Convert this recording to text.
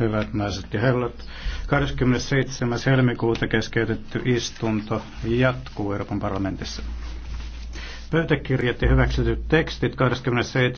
Hyvät naiset ja herrat, 27. helmikuuta keskeytetty istunto jatkuu Euroopan parlamentissa. Pöytäkirjat ja hyväksytyt tekstit 27.